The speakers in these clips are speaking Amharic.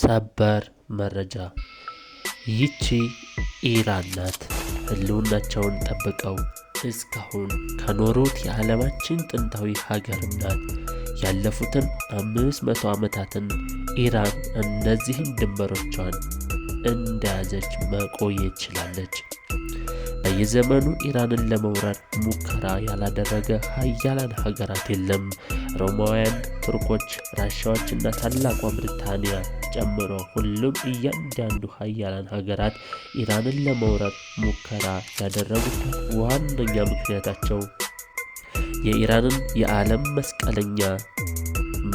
ሰበር መረጃ ይቺ ኢራን ናት። ህልውናቸውን ጠብቀው እስካሁን ከኖሩት የዓለማችን ጥንታዊ ሀገርም ናት። ያለፉትን አምስት መቶ ዓመታትን ኢራን እነዚህን ድንበሮቿን እንደያዘች መቆየት ችላለች። በየዘመኑ ኢራንን ለመውረር ሙከራ ያላደረገ ሀያላን ሀገራት የለም። ሮማውያን፣ ቱርኮች፣ ራሻዎችና ታላቋ ብሪታንያ ጨምሮ ሁሉም እያንዳንዱ ሀያላን ሀገራት ኢራንን ለመውረር ሙከራ ያደረጉት ዋነኛ ምክንያታቸው የኢራንን የዓለም መስቀለኛ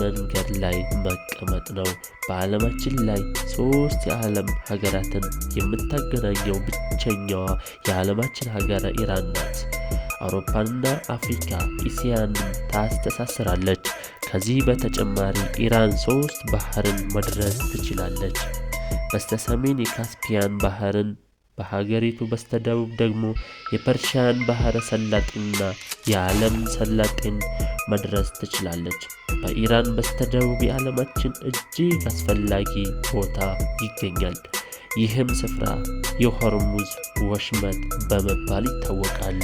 መንገድ ላይ መቀመጥ ነው። በዓለማችን ላይ ሶስት የዓለም ሀገራትን የምታገናኘው ብቸኛዋ የዓለማችን ሀገር ኢራን ናት። ና አፍሪካ ኢሲያን ታስተሳስራለች። ከዚህ በተጨማሪ ኢራን ሶስት ባህርን መድረስ ትችላለች። በስተሰሜን የካስፒያን ባህርን በሀገሪቱ በስተደቡብ ደግሞ የፐርሺያን ባህረ ሰላጤና የዓለም ሰላጤን መድረስ ትችላለች። በኢራን በስተደቡብ የዓለማችን እጅግ አስፈላጊ ቦታ ይገኛል። ይህም ስፍራ የሆርሙዝ ወሽመጥ በመባል ይታወቃል።